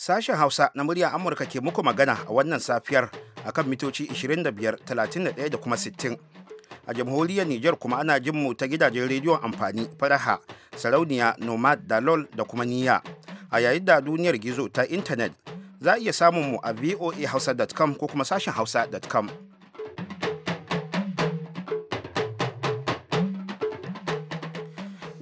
Sashen Hausa na murya Amurka ke muku magana a wannan safiyar akan mitoci 25, 31 da kuma 60. A jamhuriyar Nijar kuma ana jin mu ta gidajen rediyon amfani faraha, sarauniya, nomad, dalol da kuma niyya. A yayin da duniyar gizo ta intanet za a iya samun mu a voahausa.com ko kuma sashen hausa.com.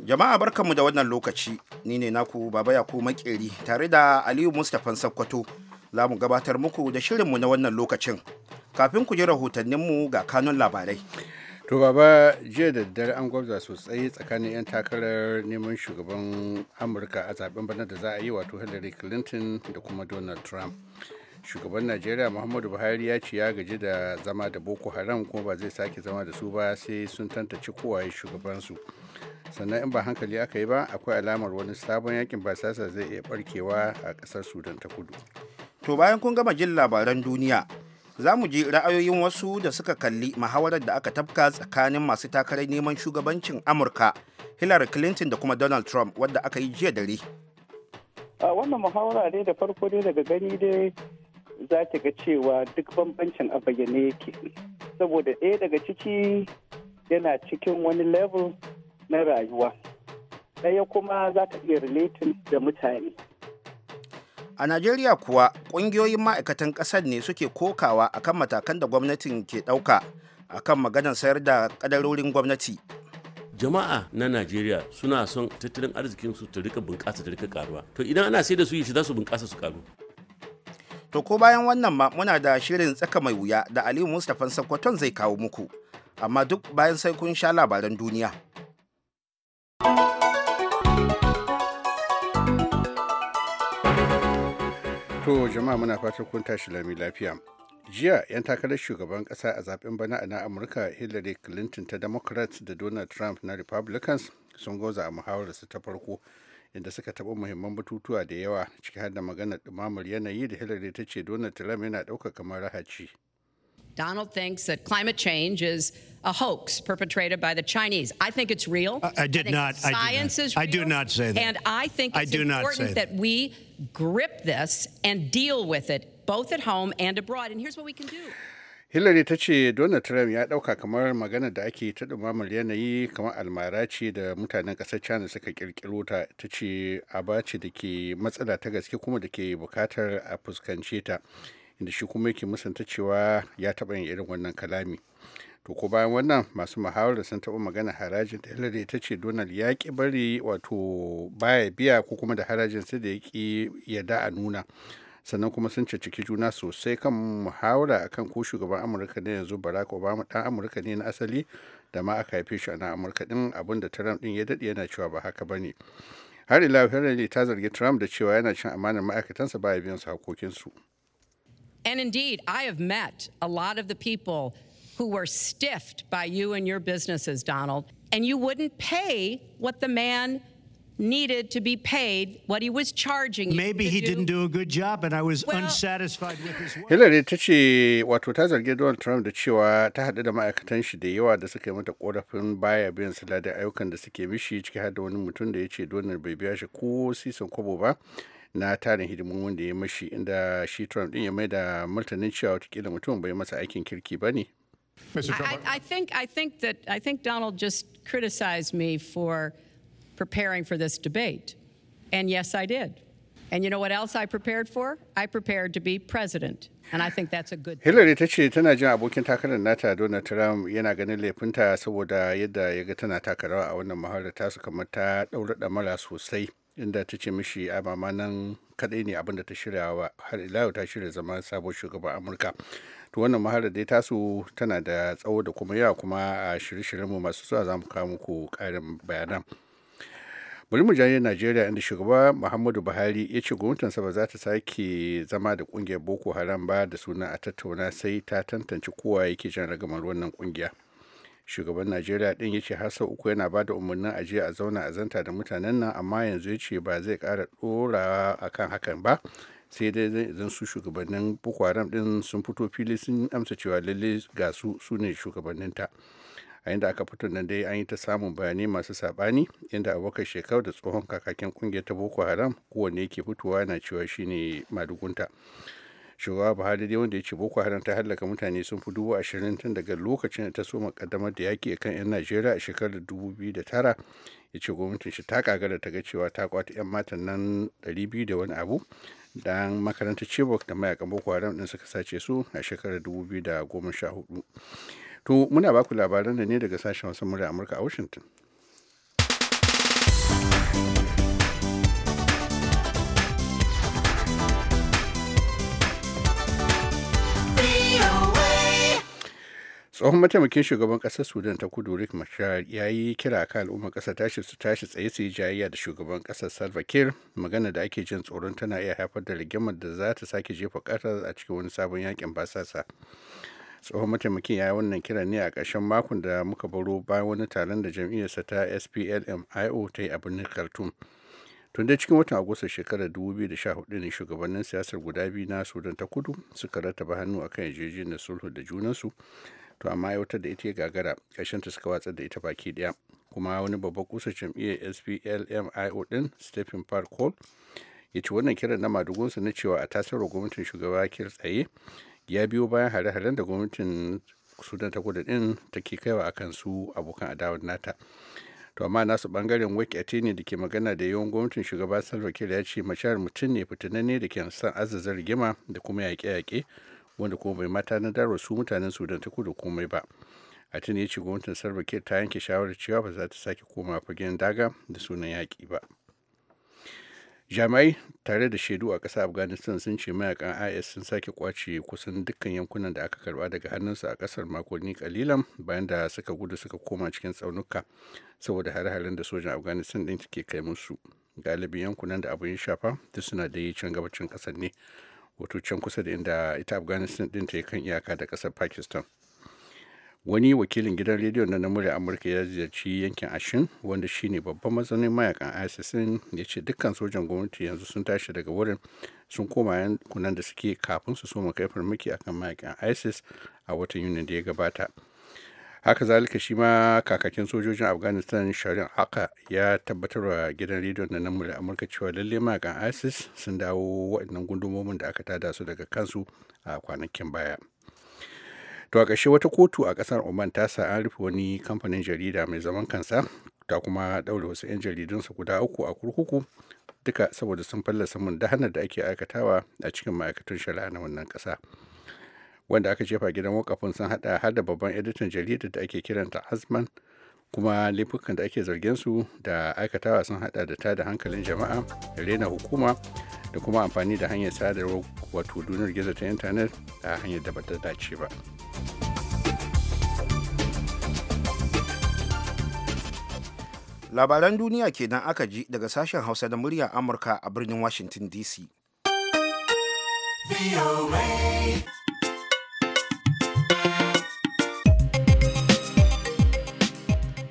Jama'a barkanmu da wannan lokaci, ni ne naku Baba Yaku Makeri tare da Aliyu Mustapha Sakkwato za mu gabatar muku da shirinmu na wannan lokacin. Kafin ku ji rahotanninmu ga kanun labarai. To Baba jiya da daddare an gwabza sosai tsakanin 'yan takarar neman shugaban Amurka a zaben bana da za a yi wato Hillary Clinton da kuma Donald Trump. shugaban najeriya muhammadu buhari ya ce ya gaji da zama da boko haram kuma ba zai sake zama da su ba sai sun tantace kowaye shugabansu sannan in ba hankali aka yi ba akwai alamar wani sabon yakin basasa zai iya barkewa a kasar sudan ta kudu to bayan kun gama jin labaran duniya za mu ji ra'ayoyin wasu da suka kalli muhawarar da aka tafka tsakanin masu takarar neman shugabancin amurka hillary clinton da kuma donald trump wadda aka yi jiya dare a wannan muhawara dai da farko dai daga gani dai za ta ga cewa duk bambancin a bayyane yake saboda ɗaya daga ciki yana cikin wani level na rayuwa ɗaya kuma za ta iya relating da mutane a najeriya kuwa ƙungiyoyin ma'aikatan ƙasar ne suke kokawa akan matakan da gwamnatin ke ɗauka akan maganar sayar da ƙadarorin gwamnati jama'a na najeriya suna son tattalin arzikinsu ta rika bunƙasa ta rika karuwa to idan ana sai da su yi shi za su bunƙasa su karu To ko bayan wannan ma muna da shirin tsaka mai wuya da Aliyu Mustapha Sakkwaton zai kawo muku. Amma duk bayan sai kun sha labaran duniya. To jama'a muna fatan kun tashi lami lafiya. jiya 'yan takarar shugaban ƙasa a zaben bana a na amurka hillary clinton ta democrats da donald trump na republicans sun goza a muhawararsu ta farko inda suka taɓa muhimman batutuwa da yawa ciki har da maganar ɗumamar yanayi da hillary ta ce donald trump yana ɗauka kamar rahaci Donald thinks that climate change is a hoax perpetrated by the Chinese. I think it's real. I, I did I not. Science I is real. I do not say that. And I think it's I do important that. that we grip this and deal with it both at home and abroad. And here's what we can do. hillary ta ce donald trump ya dauka kamar magana da ake ta dumamar yanayi kamar almara ce da mutanen kasar china suka kirkiro ta ta ce aba ce da ke matsala ta gaske kuma da ke bukatar a fuskance ta inda shi kuma yake musanta cewa ya taɓa yin irin wannan kalami to ko bayan wannan masu muhawarar sun taɓa magana harajin da hillary ta ce donald ya ki bari wato baya biya ko kuma da harajin sai da ya ki yada a nuna sannan kuma sun juna sosai kan muhawara ko shugaban amurka ne yanzu barack obama amurka ne na asali da ma aka haife shi a nan amurka trump ya daɗe yana cewa ba haka ba ne har ila ta zargi trump da cewa yana cin amanar ma'aikatansa biyan su hakokinsu and indeed i have met a lot of the people who were stiffed by you and your businesses donald and you wouldn't pay what the man needed to be paid what he was charging Maybe he do. didn't do a good job and I was well, unsatisfied with his work. Hillary ta ce wato ta zargi Donald Trump da cewa ta haɗu da ma'aikatan shi da yawa da suka yi mata korafin baya biyan su da ayyukan da suke mishi ciki har da wani mutum da ya ce Donald bai biya shi ko sisan kobo ba. na tarin hidimomin da ya mashi inda shi Trump din ya mai da martanin cewa watakila mutum bai masa aikin kirki ba ne. I, I think I think that I think Donald just criticized me for preparing for this debate. And yes, I did. And you know what else I prepared for? I prepared to be president. And I think that's a good Hillary ta ce tana jin abokin takarar nata Donald Trump yana ganin laifinta saboda yadda ya ga tana taka rawa a wannan muhawarar tasu kamar ta daura damara sosai inda ta ce mishi a mama nan kadai ne abin da ta shirya wa har ila ta shirya zama sabon shugaban Amurka. To wannan mahalar dai tasu tana da tsawo da kuma yawa kuma a shirye-shiryenmu masu zuwa za mu kawo muku ƙarin bayanan. bari mu janye najeriya inda shugaba muhammadu buhari ya ce gwamnatinsa ba za ta sake zama da kungiyar boko haram ba da suna a tattauna sai ta tantance kowa yake jan ragamar wannan kungiya shugaban najeriya din ya ce har sau uku yana ba da umarnin ajiya a zauna a zanta da mutanen nan amma yanzu ya ce ba zai kara dora akan hakan ba sai dai idan su shugabannin boko haram din sun fito fili sun amsa cewa lalle ga su su ne shugabanninta. ta a inda aka fito nan dai an yi ta samun bayanai masu saɓani inda abokan shekau da tsohon kakakin kungiyar ta boko haram kowanne yake fitowa na cewa shine madugunta shugaba buhari dai wanda ya ce boko haram ta hallaka mutane sun fi dubu ashirin tun daga lokacin da ta so makaddamar da yaki kan 'yan najeriya a shekarar dubu biyu da tara ya ce gwamnatin shi ta kagara ta ga cewa ta kwata 'yan matan nan ɗari biyu da wani abu dan makarantar chibok da mayakan boko haram din suka sace su a shekarar dubu biyu da goma sha hudu To muna baku labaran da ne daga sashen wasu murya Amurka a Washington. tsohon mataimakin shugaban ƙasar sudan ta kudu rick machar ya yi kira ka al'ummar kasar tashi su tashi tsaye su yi jayayya da shugaban kasar salva kiir magana da ake jin tsoron tana iya haifar da rigimar da za ta sake jefa kasar a cikin wani sabon yakin basasa tsohon mataimakin ya yi wannan kiran ne a ƙarshen makon da muka baro bayan wani taron da jam'iyyarsa ta splm io ta yi a birnin khartoum tun dai cikin watan agusta shekarar 2014 ne shugabannin siyasar guda biyu na sudan ta kudu suka rattaba hannu akan yarjejeniyar sulhu da junansu to amma aiwatar da ita ya gagara ƙarshen ta suka watsar da ita baki ɗaya kuma wani babban kusa jam'iyyar splm io din stephen park ya ce wannan kiran na madugunsa na cewa a tasirar gwamnatin shugaba kir tsaye ya biyo bayan hare-haren da gwamnatin sudan ta kudu din take kaiwa a kan su abokan adawar nata to amma nasu bangaren wake a atini da ke magana da yawan gwamnatin shugaba salva kiir ya ce mashar mutum ne ne da ke san azazar rigima da kuma yaƙe-yaƙe wanda kuma bai mata na darwa su mutanen sudan ta kudu komai ba a tini ya ce gwamnatin salva kiir ta yanke shawarar cewa ba za ta sake koma fagen daga da sunan yaƙi ba jami'ai tare da shaidu a ƙasar afghanistan sun ce mayakan is sun sake kwace kusan dukkan yankunan da aka karba daga hannunsu a ƙasar makonni kalilan bayan da suka gudu suka koma cikin tsaunuka saboda hare-haren da sojan afghanistan ɗin ke kai musu galibin yankunan da abin shafa duk suna da yi can gabacin ƙasar ne wato can kusa da inda ita afghanistan ɗin ta kan iyaka da ƙasar pakistan wani wakilin gidan rediyo na namurin amurka ya ziyarci yankin ashin wanda shine babban matsanin mayakan isis ya ce dukkan sojan gwamnati yanzu sun tashi daga wurin sun koma yankunan da suke kafin su soma kai farmaki akan mayakan isis a watan yunin da ya gabata haka zalika shi ma kakakin sojojin afghanistan sharin haka ya tabbatar wa gidan rediyon na namurin amurka cewa lalle mayakan isis sun dawo waɗannan gundumomin da aka tada su daga kansu a kwanakin baya. to a ƙarshe wata kotu a ƙasar oman ta sa an rufe wani kamfanin jarida mai zaman kansa ta kuma ɗaure wasu 'yan jaridunsa guda uku a kurkuku duka saboda sun fallasa mun dahanar da ake aikatawa a cikin ma'aikatan shari'a na wannan ƙasa wanda aka jefa gidan wakafin sun hada har da babban editan jaridar da ake kiranta hasman kuma laifukan da ake zargin su da aikatawa sun hada da tada hankalin jama'a rena hukuma da kuma amfani da hanyar sadarwar wato duniyar gizo ta intanet a hanyar da bata dace ba labaran duniya kenan aka ji daga sashen hausa da muryar amurka a birnin washington dc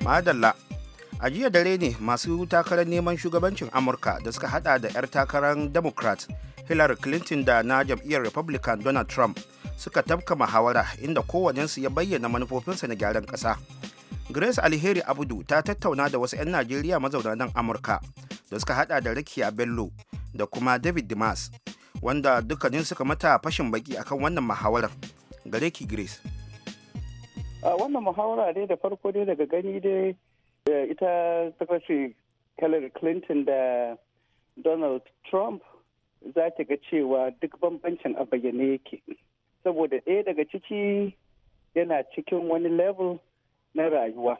madalla a jiya dare ne masu takarar neman shugabancin amurka da suka hada da 'yar takarar democrat hillary clinton da na jam'iyyar republican donald trump suka tafka muhawara inda kowanensu ya bayyana manufofinsa na gyaran ƙasa grace alheri abudu ta tattauna da wasu 'yan najeriya mazauna nan amurka da suka hada da a bello da kuma david dimas wanda dukkanin suka mata fashin baki akan wannan muhawarar gare ki grace a wannan muhawara dai da farko dai daga gani dai ita ta secretary Hillary Clinton da Donald Trump za ta ga cewa duk bambancin a bayyane yake. Saboda ɗaya daga ciki yana cikin wani level na rayuwa.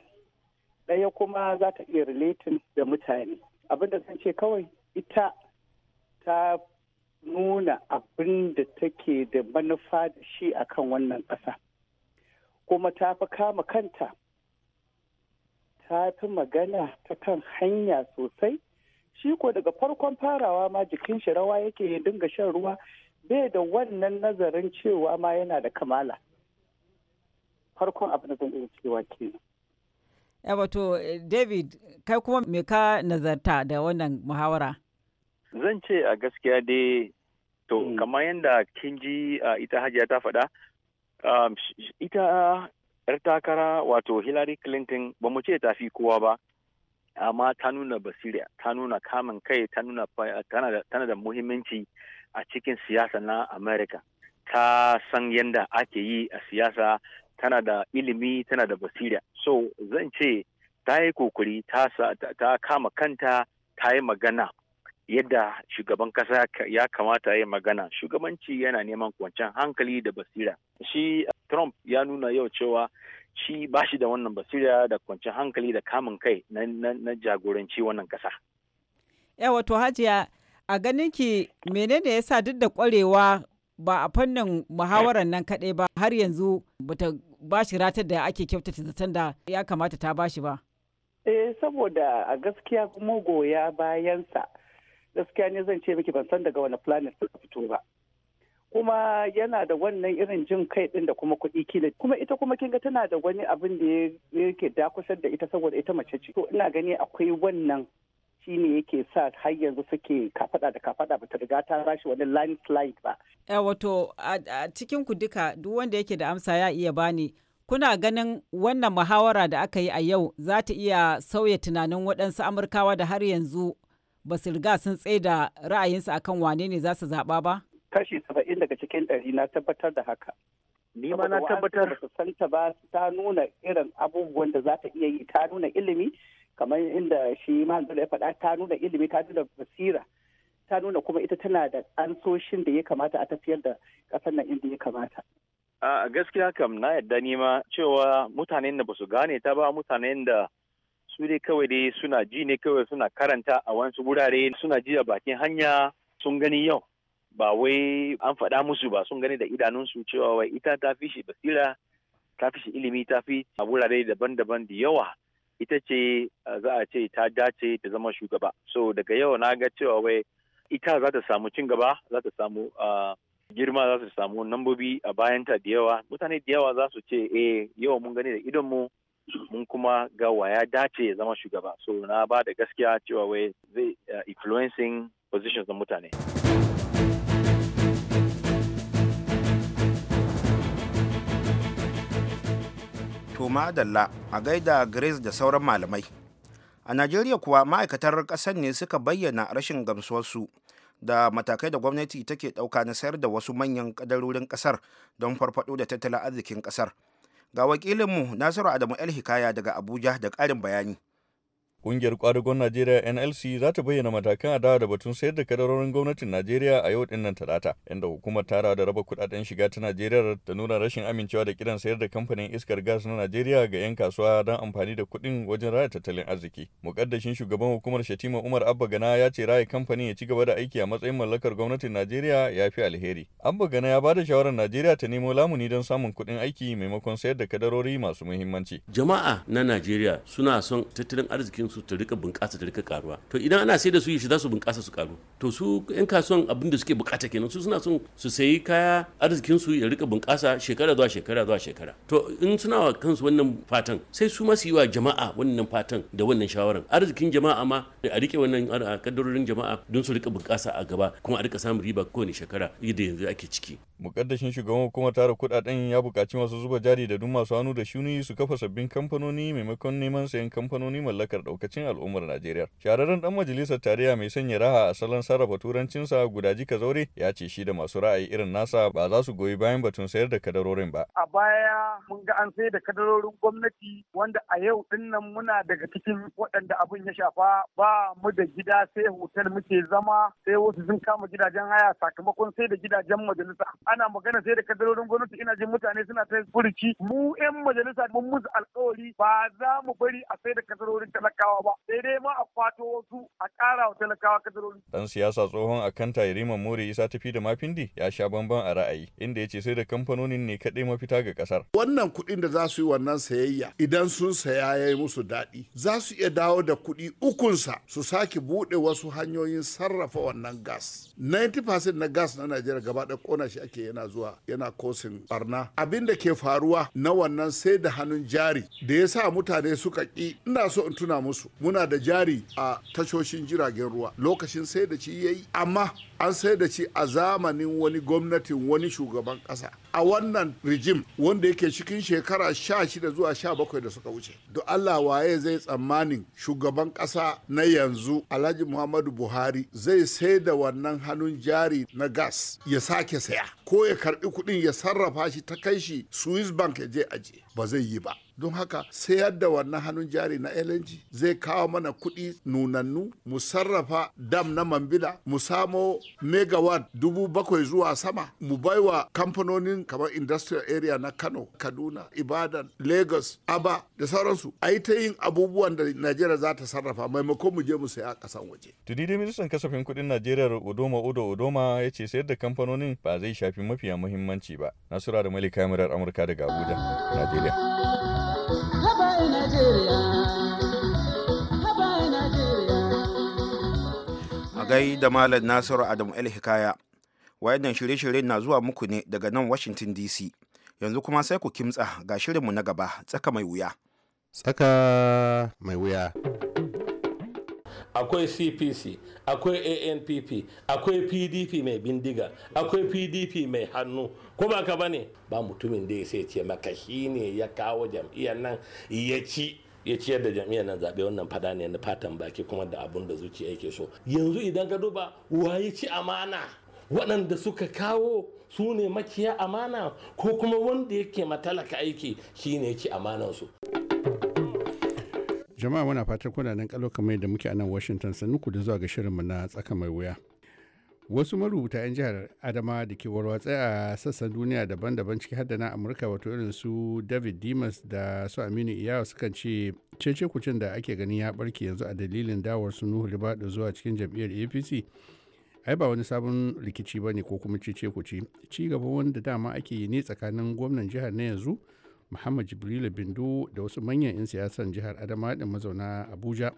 Ɗaya kuma za ta iya relating da mutane. Abin da zan ce kawai ita ta nuna abin da take da manufa da shi akan wannan ƙasa. Kuma ta fi kama kanta ta fi magana ta kan hanya sosai shi ko daga farkon farawa ma jikin shi rawa yake ya dinga shan ruwa bai da wannan nazarin cewa ma yana da kamala farkon abin da zan iya cewa ya wato eh, david kai kuma me ka nazarta da wannan muhawara zan ce a gaskiya dai to hmm. kamar yadda kin ji ah, ita hajiya ta faɗa ah, ita 'yar takara wato hillary clinton ba mu ce ta fi kowa ba amma ta nuna basira ta nuna kamun kai ta nuna tana da muhimmanci a cikin siyasa na america ta san yadda ake yi a siyasa tana da ilimi tana da basira so zan ce ta yi kokuri ta kama kanta ta yi magana yadda shugaban kasa ya kamata ya magana shugabanci yana neman kwanciyar hankali da basira shi trump ya nuna yau cewa shi ba shi da wannan basira da kwanciyar hankali da kamun kai na jagoranci wannan kasa yawa eh, to hajiya a ganin ki menene sa duk da kwarewa ba a fannin muhawarar nan kaɗai ba har yanzu bata ba shi ratar da ake kyautata zaton da ya kamata ta ba shi ba eh saboda a gaskiya kuma goya bayansa gaskiya ne zan ce miki ban san daga wani planet suka fito ba kuma yana da wannan irin jin kai din da kuma kuɗi kila kuma ita kuma kin ga tana da wani abin da yake dakusar da ita saboda ita mace ce to ina gani akwai wannan shine yake sa har yanzu suke kafada da kafada bata riga ta rashi wani landslide ba eh wato a cikin ku duka duk wanda yake da amsa ya iya bani kuna ganin wannan muhawara da aka yi a yau za ta iya sauya tunanin waɗansu amurkawa da har yanzu ba su riga sun da ra'ayinsu akan wane ne za su zaɓa ba kashi saba'in daga cikin ɗari na tabbatar da haka. Ni ma na tabbatar. Ba ta ba ta nuna irin abubuwan da za ta iya yi ta nuna ilimi kamar inda shi mahaifin ya faɗa ta nuna ilimi ta nuna basira ta nuna kuma ita tana da ansoshin da ya kamata a tafiyar da ƙasar nan inda ya kamata. A gaskiya kam na yadda ni cewa mutanen da ba su gane ta ba mutanen da su dai kawai dai suna ji ne kawai suna karanta a wasu wurare suna ji a bakin hanya sun gani yau ba wai an faɗa musu ba sun gani da idanunsu cewa wai ita ta fi shi basira ta fi shi ilimi ta fi a wurare daban-daban da yawa ita ce za a ce ta dace ta zama shugaba so daga yau na ga cewa wai ita za ta samu cin gaba za ta samu girma za su samu nambobi a bayanta da yawa mutane da yawa za su ce eh yau mun gani da mu mun kuma ga waya dace ya zama shugaba so na ba da gaskiya cewa wai zai influencing positions na mutane. Toma madalla a gaida Grace da sauran malamai. A Najeriya kuwa ma'aikatar ƙasar ne suka bayyana rashin gamsuwarsu da matakai da gwamnati take ɗauka na sayar da wasu manyan ƙadarorin ƙasar don farfaɗo da tattalin arzikin ƙasar. Ga wakilinmu Nasiru Adamu El Hikaya daga Abuja da ƙarin bayani. Kungiyar kwadagon Najeriya NLC za ta bayyana matakan adawa da batun sayar da kadarorin gwamnatin Najeriya a yau nan Talata, inda hukumar ta da raba kudaden shiga ta Najeriya ta nuna rashin amincewa da kiran sayar da kamfanin iskar gas na Najeriya ga 'yan kasuwa don amfani da kuɗin wajen raya tattalin arziki. Mukaddashin shugaban hukumar Shatima Umar Abba Gana ya ce raya kamfanin ya ci gaba da aiki a matsayin mallakar gwamnatin Najeriya ya fi alheri. Abba Gana ya ba da shawarar Najeriya ta nemo lamuni don samun kuɗin aiki maimakon sayar da kadarori masu muhimmanci. Jama'a na Najeriya suna son tattalin arzikinsu su ta rika bunƙasa ta rika karuwa to idan ana sai da su shi za su bunƙasa su karu to su yan kasuwan abin da suke bukata kenan su suna son su sayi kaya arzikin su ya rika bunƙasa shekara zuwa shekara zuwa shekara to in suna wa kansu wannan fatan sai su ma su yi wa jama'a wannan fatan da wannan shawaran arzikin jama'a ma a rike wannan kaddarorin jama'a don su rika bunƙasa a gaba kuma a rika samun riba kowane shekara yadda yanzu ake ciki mukaddashin shugaban hukumar tara kudaden ya bukaci masu zuba jari da duk masu hannu da shuni su kafa sabbin kamfanoni maimakon neman sayan kamfanoni mallakar ɗauki ɗaukacin al'ummar Najeriya. Shahararren ɗan majalisar tarayya mai sanya raha a salon sarrafa turancinsa jika zaure ya ce shi da masu ra'ayi irin nasa ba za su goyi bayan batun sayar da kadarorin ba. A baya mun ga an sayar da kadarorin gwamnati wanda a yau dinnan muna daga cikin waɗanda abin ya shafa ba mu da gida sai hotel muke zama sai wasu sun kama gidajen haya sakamakon sai da gidajen majalisa. Ana magana sai da kadarorin gwamnati ina jin mutane suna ta furici mu 'yan majalisa mun musu alkawari ba za mu bari a sai da kadarorin talakawa talakawa ba sai dai ma a kwato wasu a kara wa talakawa kadarori. Dan siyasa tsohon akanta Yarima More Isa tafi da mafindi ya sha bamban a ra'ayi inda ya ce sai da kamfanonin ne kaɗai mafita ga ƙasar. Wannan kuɗin da za su yi wannan sayayya idan sun saya ya yi musu daɗi za su iya dawo da kuɗi ukunsa su sake buɗe wasu hanyoyin sarrafa wannan gas. 90% na gas na Najeriya gaba ɗaya kona shi ake yana zuwa yana kosin barna. Abin da ke faruwa na wannan sai da hannun jari da ya sa mutane suka ƙi ina so in tuna musu su muna da jari a tashoshin jiragen ruwa lokacin sai da ci yayi amma an sai da ci a zamanin wani gwamnatin wani shugaban kasa a wannan rijim wanda yake cikin shekara sha shida zuwa sha bakwai da suka wuce do Allah waye zai tsammanin shugaban kasa na yanzu Alhaji Muhammadu Buhari zai sai da wannan hannun jari na gas ya sake saya ko ya karbi kudin ya sarrafa shi ta kai shi Swiss Bank ya je aje ba zai yi ba don haka sayar da wannan hannun jari na LNG zai kawo mana kuɗi nunannu mu sarrafa dam na mambila mu samo megawatt dubu bakwai zuwa sama mu baiwa kamfanonin kamar industrial area na Kano Kaduna Ibadan Lagos Aba da sauransu a yi ta yin abubuwan da Najeriya za ta sarrafa maimakon mu je mu saya a ƙasan waje. tuni dai ministan kasafin kuɗin Najeriya Odoma Odo Odoma ya ce sayar da kamfanonin ba zai shafi mafiya muhimmanci ba. Nasura da Malika Murar Amurka daga Abuja, Najeriya. A gai da Malam Nasiru Adamu El Hikaya, wayannan shirye-shiryen na zuwa muku ne daga nan Washington DC. Yanzu kuma sai ku kimtsa ga shirinmu na gaba, tsaka mai wuya. Tsaka mai wuya. akwai cpc akwai anpp akwai pdp mai bindiga akwai pdp mai hannu ko ba ka bane ba mutumin da ya sai ce maka shi ne ya kawo jam'iyyar nan ya ci ya ciyar da jami'an nan zaɓe wannan fada ne na fatan baki kuma da abun da zuciya yake so yanzu idan ka duba wa ya ci amana waɗanda suka kawo su ne makiya amana ko kuma wanda yake matalaka aiki shi ne ya ci amanansu jama'a muna fatan kuna nan kalo kamar yadda muke a nan washington sannu ku da zuwa ga shirinmu na tsaka mai wuya wasu marubuta 'yan jihar adama da ke warwatse a sassan duniya daban-daban ciki haddana na amurka wato irin su david dimas da su aminu iyawa sukan ce cece kucin da ake ganin ya barke yanzu a dalilin dawar su nuhu libado zuwa cikin jam'iyyar apc ai ba wani sabon rikici ba ne ko kuma cece kuci ci gaba wanda dama ake yi ne tsakanin gwamnan jihar na yanzu muhammad jibrilu bindo da wasu manyan 'yan siyasan jihar adama da mazauna abuja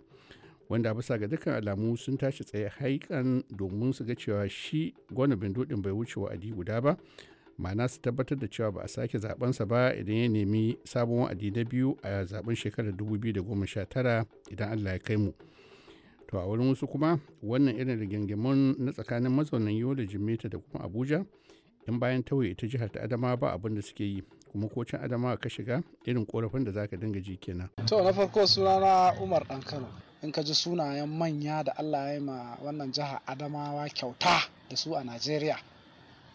wanda bisa ga dukkan alamu sun tashi tsaye haikan domin su ga cewa shi gwana bindo din bai wuce wa'adi guda ba ma'ana su tabbatar da cewa ba a sake zabensa ba idan ya nemi sabon wa'adi na biyu a zaben shekarar 2019 idan allah ya kai mu to a wurin wasu kuma wannan irin rigingimun na tsakanin mazaunan yola jimeta da kuma abuja in bayan tauye ita jihar ta adama ba abin da suke yi kuma ko can adamawa ka shiga irin korafin da zaka dinga ji kenan to na farko sunana umar dan kano in ka ji sunayen manya da allah ya yi ma wannan jiha adamawa kyauta da su a najeriya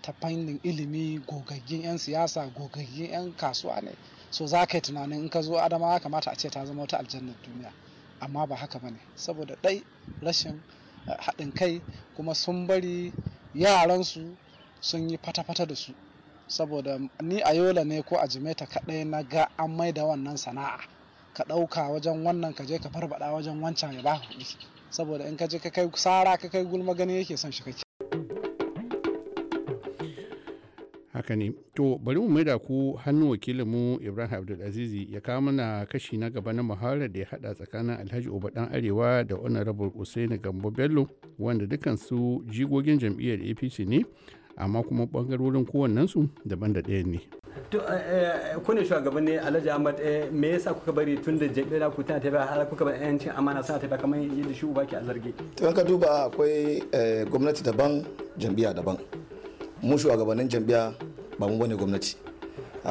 ta fannin ilimi gogaggin 'yan siyasa gogaggin 'yan kasuwa ne so za ka yi tunanin in ka zo adamawa kamata a ce ta zama wata aljannar duniya amma ba haka ba ne saboda ɗai rashin eh, haɗin kai kuma sun bari yaransu sun yi fata-fata da su saboda ni a yola ne ko a jimeta kaɗai na ga an mai da wannan sana'a ka ɗauka wajen wannan ka je ka farfaɗa wajen wancan ya ba saboda in ka je ka kai sara ka kai gulma gani yake son shi kake haka ne to bari mu maida ku hannu wakilinmu ibrahim abdulazizi ya kawo mana kashi na gaba na muhawarar da ya hada tsakanin alhaji oba obadan arewa da honorable usaini gambo bello wanda dukansu jigogin jam'iyyar apc ne amma kuma bangarorin kowannensu daban da ɗaya ne eh, eh, kune shugaban ne alhaji ahmad eh, me yasa kuka bari tun da da ku tana tafiya har kuka bari yancin amana suna tafiya kamar yadda shi uba ke a zargi to ka duba akwai gwamnati daban jam'iyya daban mu shugabannin jam'iyya ba mu bane gwamnati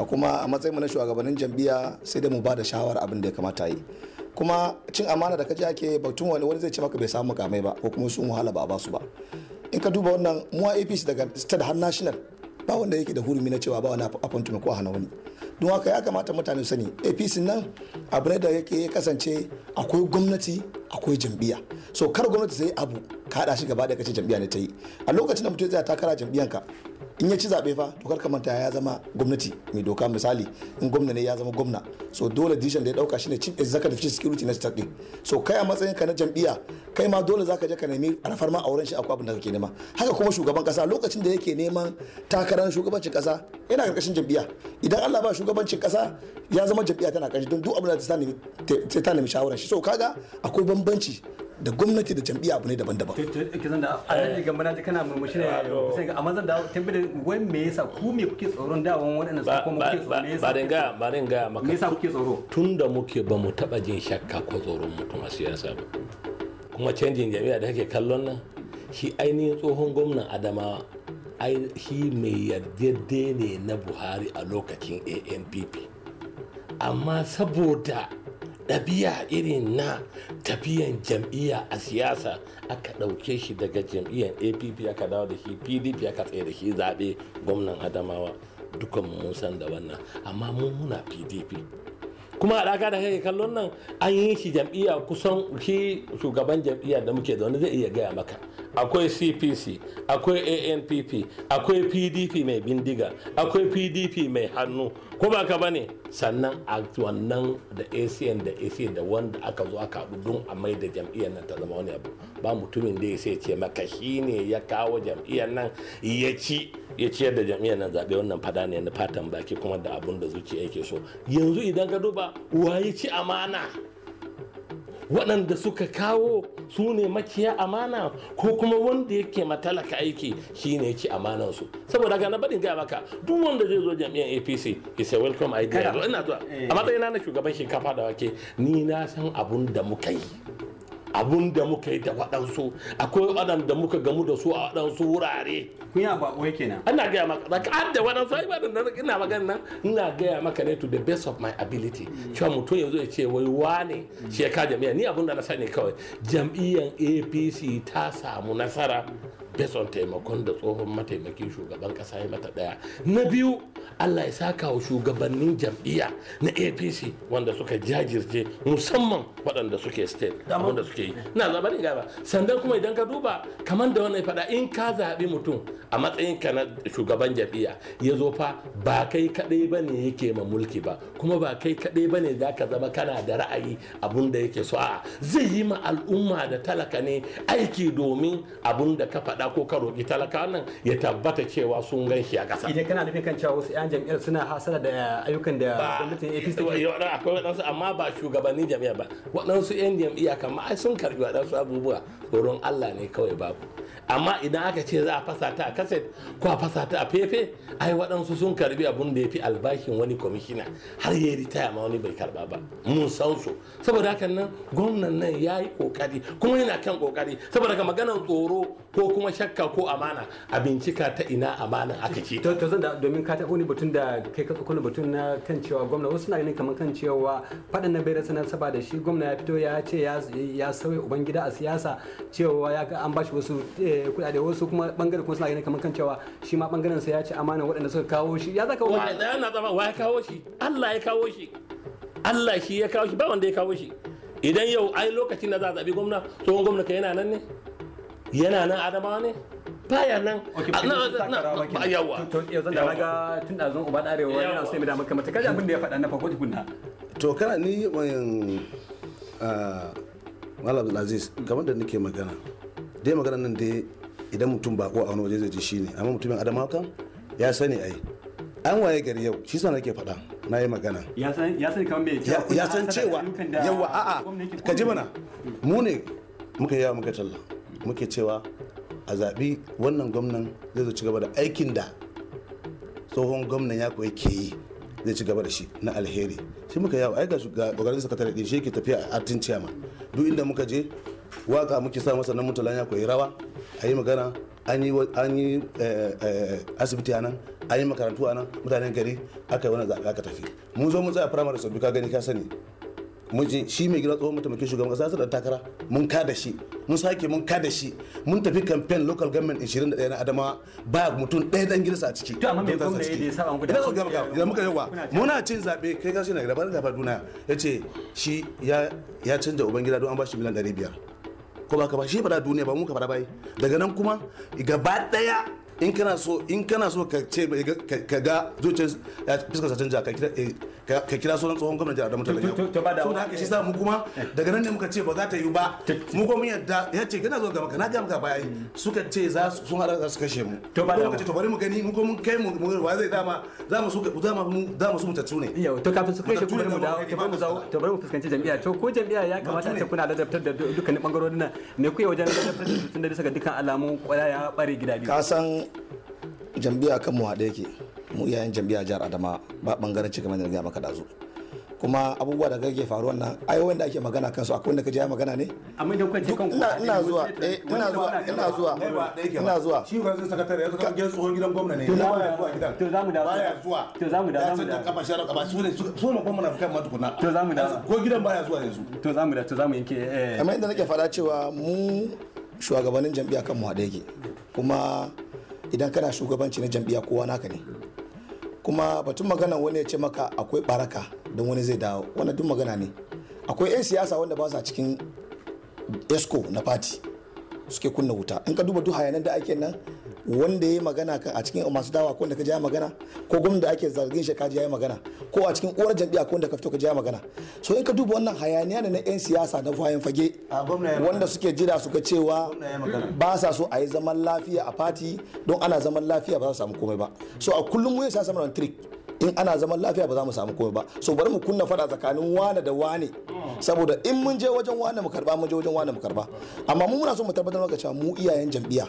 kuma a matsayin mu na shugabannin jam'iyya sai dai mu ba da shawara abin da ya kamata yi kuma cin amana da kaji ake batun wani wani zai ce maka bai samu kamai ba ko kuma sun wahala ba a basu ba in ka duba wannan mu apc daga state har national ba wanda yake da hurumi na cewa ba wani appointment ko hana wani don haka ya kamata mutane sani apc nan abu ne da yake kasance akwai gwamnati akwai jam'iyya so kar gwamnati sai abu ka hada shi gaba da kace jam'iyya ne ta yi a lokacin da mutum zai takara jam'iyyanka in ya ci zaɓe fa to kar manta ya zama gwamnati mai doka misali in gwamna ne ya zama gwamna so dole decision da ya dauka shine chief executive chief security na state din so kai a matsayin ka na jam'iyya kai ma dole zaka je ka nemi alfar a auren shi akwai abin da kake nema haka kuma shugaban kasa lokacin da yake neman takarar shugabancin kasa yana karkashin jam'iyya idan Allah ba shugabancin kasa ya zama jam'iyya tana karshe don duk abin da ta nemi ta nemi shi so kaga akwai bambanci da gwamnati da jam'iyya abu ne daban-daban kizan da alhaji gamba na ji kana murmushi ne sai ga amma zan dawo tambayar wai me yasa ku me kuke tsoron dawon waɗannan su kuma kuke tsoro ne ba dinga ba dinga maka me yasa kuke tsoro Tun da muke ba mu taba jin shakka ko tsoron mu kuma siyasa ba kuma canjin jami'a da kake kallon nan shi ainihin tsohon gwamnan adamawa shi mai yardadde ne na buhari a lokacin anpp amma saboda ɗabi'a irin na tafiyan jam'iyya a siyasa aka ɗauke shi daga jam'iyyar app aka dawo da shi pdp aka tsaye da shi zaɓe gwamnan adamawa dukan mu san da wannan amma mun muna pdp kuma haɗaka da kai kallon nan an yi shi jam'iyya kusan shi shugaban jam'iyya da muke da wani zai iya gaya maka akwai cpc akwai anpp akwai pdp mai bindiga akwai pdp mai hannu ko ba ka bane sannan a wannan da acn da acn da wanda aka zo aka haɗu don a mai da jam'iyyar nan ta zama wani abu ba mutumin da ya sai ce maka shi ne ya kawo jam'iyyar nan ya ci ya ciyar da jam'iyyar nan zaɓe wannan fada ne na fatan baki kuma da abun da zuciya yake so yanzu idan ka duba ya ci amana waɗanda suka kawo su ne makiya amana ko kuma wanda yake matalaka aiki shi shine yake amanansu? su saboda ga na baɗin gaya maka duk wanda zai zo jami'an APC is a welcome idea eh. a matsayina na shugaban shinkafa da wake ni na san abun da muka yi abun da muka yi da waɗansu akwai waɗanda muka gamu da su a waɗansu wurare kunya ba kuwa akwai kenan ina gaya maka da ka da waɗansu ai ba ina magana nan ina gaya maka ne to the best of my ability cewa mutum yanzu ya ce wai wane shi ya ka jami'a ni abun da na sani kawai jam'iyyar apc ta samu nasara beson taimakon da tsohon mataimakin shugaban kasa ya mata daya na biyu allah ya saka wa shugabannin jam'iyya na apc wanda suka jajirce musamman waɗanda suke state wanda suke yi na zaɓa ne gaba sannan kuma idan ka duba kamar da wannan faɗa in ka zaɓi mutum a matsayin ka na shugaban jam'iyya ya zo fa ba kai kadai ba ne yake ma mulki ba kuma ba kai kadai ba ne za ka zama kana da ra'ayi abun da yake so a zai yi ma al'umma da talaka ne aiki domin abun da ka faɗa ko ka roƙi talaka wannan ya tabbata cewa sun gan shi a ƙasa idan kana nufin kan cewa wasu 'yan jam'iyyar suna hasara da ayyukan da gwamnatin APC akwai waɗansu amma ba shugabannin jam'iyya ba waɗansu 'yan jam'iyya kamar ai sun karɓi waɗansu abubuwa horon Allah ne kawai babu amma idan aka ce za a fasa ta a kaset ko a fasa ta a fefe ai waɗansu sun karbi abun da ya fi albashin wani kwamishina har ya ritaya ma wani bai karba ba mun san su saboda hakan nan gwamnan nan ya yi kokari kuma yana kan kokari saboda ka maganar tsoro ko kuma shakka ko amana a bincika ta ina amana aka ce to to zan da domin ka taɓa batun da kai ka kuna batun na kan cewa gwamna wasu na ganin kamar kan cewa faɗin na bai rasa nasaba da shi gwamna ya fito ya ce ya sauya ubangida a siyasa cewa ya ga an bashi wasu eh, kuɗaɗe wasu kuma bangare kuma suna ganin kamar alamun kan cewa shi ma bangaren sa ya ci amana waɗanda suka kawo shi ya zaka wani da yana zama wa ya kawo shi Allah ya kawo shi Allah shi ya kawo shi ba wanda ya kawo shi idan yau ai lokacin da za a zabi gwamna tsohon gwamna ka yana nan ne yana nan adama ne baya nan ah, a yawa yanzu da naga tun da zan uba arewa yana sai mu da maka mata kaji abin da ya faɗa na farko tukunna to kana ni wayan ah, Malam Abdulaziz kamar da nake magana dai magana nan dai idan mutum ba ko a wani waje zai ji shi ne amma mutumin adam kan ya sani ai an waye gari yau shi sa nake faɗa na yi magana ya san cewa yawa a'a ka ji mana mu ne muka yawa muka talla muke cewa a zaɓi wannan gwamnan zai zo ci gaba da aikin da tsohon gwamnan ya koyi ke yi zai ci gaba da shi na alheri shi muka yawa aika shi ga ƙoƙarin sakatare ɗin shi yake tafiya a artin ciyama duk inda muka je waka muke sa masa na mutalan ya koyi rawa a yi magana an yi eh, eh, asibiti a nan an yi makarantu a nan mutanen gari aka yi wani zaɓe aka tafi mun zo mun tsaya firamare sau ka gani ka sani mun shi mai gida tsohon mataimakin shugaban kasa su da takara mun ka da shi mun sake mun ka da shi mun tafi campaign local government 21 na adamawa ba mutum ɗaya dan gidansa a ciki to amma me gwamnati ya saba muku da muka da muka yawa muna cin zabe kai ka shi na gaba da gaba duniya yace shi ya ya canja uban gida don an ba shi miliyan 500 kuma ka ba shi duniya ba mu ka bai daga nan kuma gaba daya in kana so in kana so ka ce ka ga zuciyar fuskar sa canja ka kira eh, sunan tsohon gwamnati da mutane yau so da haka shi sa mu kuma daga nan ne muka ce ba za ta yi ba mu ko mun yadda ya ce kana zo gaba kana ga muka baya suka ce za su sun hada za su kashe mu to ba da to bari mu gani mu ko mun kai mu wa zai dama za mu su za mu za mu su mutattu ne yau to kafin su kashe ku mu dawo to bari mu zawo to bari mu fuskanci jami'a to ko jami'a ya kamata ta ce kuna ladabtar da dukkanin bangarorin nan me kuke wajen ladabtar da tun da bisa dukkan alamu kwaya ya bare gida biyu ka san jambiya kan muhaɗe haɗe yake mu iyayen jambiya jihar adama ba bangaren cikin mai da maka dazu kuma abubuwa da gage faru wannan ayoyin wanda ake magana kansu akwai wanda kaje ya magana ne amma idan kun ce kan ina zuwa ina zuwa ina zuwa ina zuwa shi ba zai sakatare yanzu kan gidan tsohon gidan gwamna ne baya zuwa gidan to zamu da baya zuwa to zamu da zamu da kafa sharar ba su ne su ne gwamna kan ma tukuna to zamu da ko gidan baya zuwa yanzu to zamu da to zamu yanke eh kamar nake fada cewa mu shugabannin jami'a kan mu hade yake kuma idan kana shugabanci na jam'iyya kowa naka ne kuma batun magana wani ya ce maka akwai baraka don wani zai dawo wani duk magana ne akwai 'yan siyasa wanda ba sa cikin esco na fati suke kunna wuta in ka duba duk hayanan da ake nan wanda ya yi magana a cikin masu dawa ko da ka ja magana ko gwamnati da ake zargin shi ka magana ko a cikin uwar jam'iyya ko da ka fito ka ja magana so in ka duba wannan hayaniya ne na yan siyasa na fayan fage wanda suke jira suka cewa ba sa so a yi zaman lafiya a fati don ana zaman lafiya ba za su samu komai ba so a kullum mu ya sa samun trick in ana zaman lafiya ba za mu samu komai ba so bari mu kunna fada tsakanin wane da wane saboda in mun je wajen wane mu karba mun je wajen wane mu karba amma mu muna so mu tabbatar maka cewa mu iyayen jam'iyya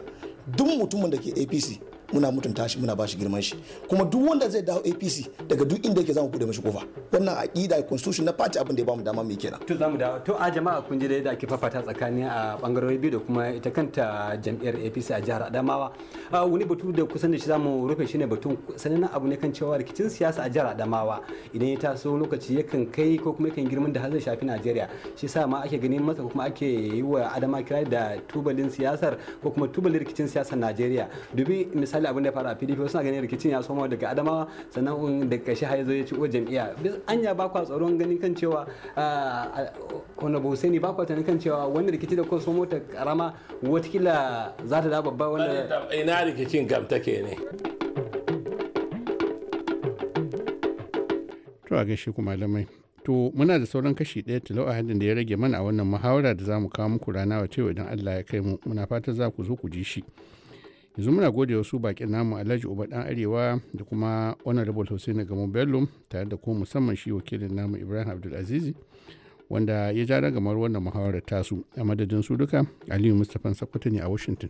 duk mutumin da ke APC muna mutunta shi muna bashi girman shi kuma duk wanda zai dawo APC daga duk inda yake zamu bude mashi kofa wannan aqida constitution na party abin da ya bamu dama mai kenan to zamu dawo to a jama'a kun ji da yadda ake fafata tsakanin a bangarori biyu da kuma ita kanta jam'iyyar APC a jihar Adamawa wani batu da kusan da shi zamu rufe shi ne batun sanannen abu ne kan cewa rikicin siyasa a jihar Adamawa idan ya taso lokaci yakan kai ko kuma yakan girman da har zai shafi Najeriya shi sa ma ake ganin masa kuma ake yi wa Adama kira da tubalin siyasar ko kuma tubalin rikicin siyasar Najeriya dubi misali abin da ya faru a PDP suna ganin rikicin ya soma daga Adamawa sannan da kashi har ya ci jam'iyya anya ba kwa tsaron ganin kan cewa kona Hussaini ba kwa tunanin kan cewa wani rikici da kuma somo ta karama watakila za ta da babba wanda ina rikicin gamtake ne To a gaishe ku malamai. To muna da sauran kashi ɗaya tilo a hadin da ya rage mana a wannan muhawara da za mu kawo muku rana wa idan Allah ya kai mu muna fata za ku zo ku ji shi. yanzu muna gode wasu bakin namu alhaji uba dan arewa da kuma honorable hussein gamo bello tare da kuma musamman shi wakilin namu ibrahim abdulazizi wanda ya ja ragamar wannan muhawarar tasu a madadin su duka aliyu mustapha sakkwato ne a washington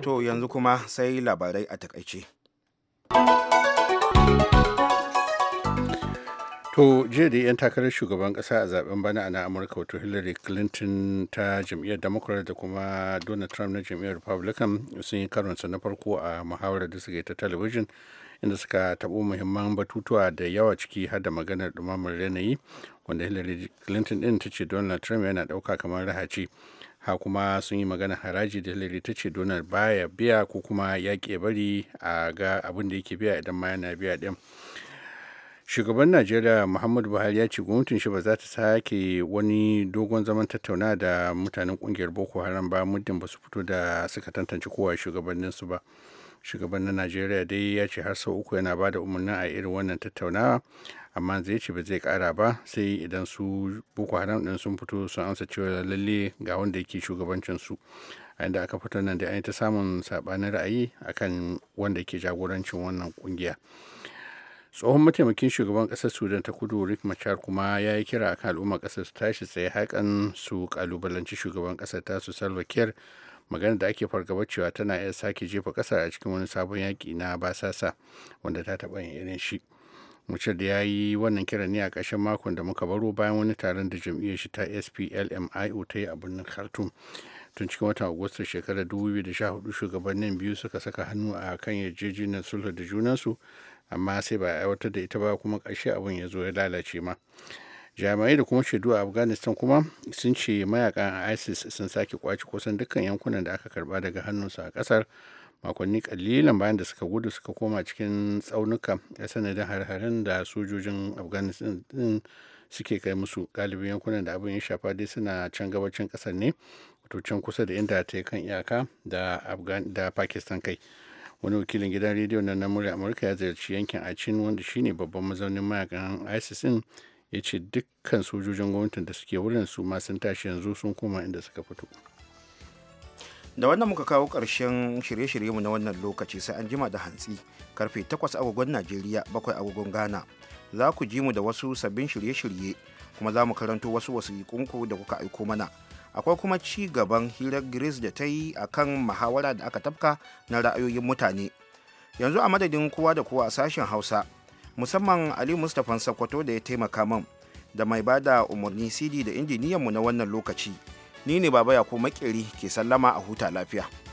to yanzu kuma sai labarai a takaice. To jiya da 'yan takarar shugaban kasa a zaben bana a na Amurka wato Hillary Clinton ta jam'iyyar Democrat da kuma Donald Trump na jam'iyyar Republican sun yi karonsa na farko a muhawarar da suka yi ta talabijin inda suka taɓo muhimman batutuwa da yawa ciki har da maganar ɗumamar yanayi wanda Hillary Clinton ɗin ta ce Donald Trump yana ɗauka kamar rahaci. Ha kuma sun yi magana haraji da Hillary ta ce Donald baya biya ko kuma ya bari a ga abin da yake biya idan ma yana biya ɗin. shugaban najeriya muhammadu buhari ya ce gwamnatin shi ba za ta sake wani dogon zaman tattauna da mutanen kungiyar boko haram ba muddin ba su fito da suka tantance kowa su ba shugaban na najeriya dai ya ce har sau uku yana ba da umarnin a irin wannan tattaunawa amma zai ce ba zai kara ba sai idan su boko haram din sun fito sun amsa cewa lalle ga wanda yake shugabancin su a inda aka fito nan da an ta samun sabanin ra'ayi akan wanda ke jagorancin wannan kungiya tsohon mataimakin shugaban kasar sudan ta kudu rick machar kuma ya yi kira akan al'ummar kasar su tashi tsaye hakan su kalubalanci shugaban kasar su salva kiir magana da ake fargaba cewa tana iya sake jefa kasar a cikin wani sabon yaƙi na basasa wanda ta taɓa yin irin shi mucar da ya yi wannan kiran ne a ƙarshen makon da muka baro bayan wani taron da jam'iyyar shi ta splmio ta yi a birnin khartum tun cikin watan agusta shekarar 2014 shugabannin biyu suka saka hannu a kan yarjejeniyar sulhu da junansu amma sai ba a aiwatar da ita ba kuma ƙarshe abin ya zo ya lalace ma jami'ai da kuma shaidu a afghanistan kuma sun ce mayakan isis sun sake kwaci kusan dukkan yankunan da aka karba daga hannunsu a kasar makonni kalilan bayan da suka gudu suka koma cikin tsaunuka ya sanadin har-haren da sojojin afghanistan din suke kai musu galibin yankunan da abin ya shafa dai suna can gabacin kasar ne wato can kusa da inda ta kan iyaka da pakistan kai wani wakilin gidan rediyo na na amurka ya ziyarci yankin a cin wanda shine babban mazaunin mayakan isis din ya ce dukkan sojojin gwamnatin da suke wurin su ma sun tashi yanzu sun koma inda suka fito da wannan muka kawo ƙarshen shirye mu na wannan lokaci sai an jima da hantsi karfe 8 agogon najeriya bakwai agogon ghana za ku ji mu da wasu sabbin shirye-shirye kuma za mu karanto wasu wasu wasiƙunku da kuka aiko mana akwai kuma ci gaban hirar greece da ta yi a kan muhawara da aka tafka na ra'ayoyin mutane yanzu a madadin kowa da kowa a sashen hausa musamman ali mustapha sakwato da ya taimaka min da mai ba da umarni cd da injiniyanmu na wannan lokaci ni ne baba ya ko makeri ke sallama a huta lafiya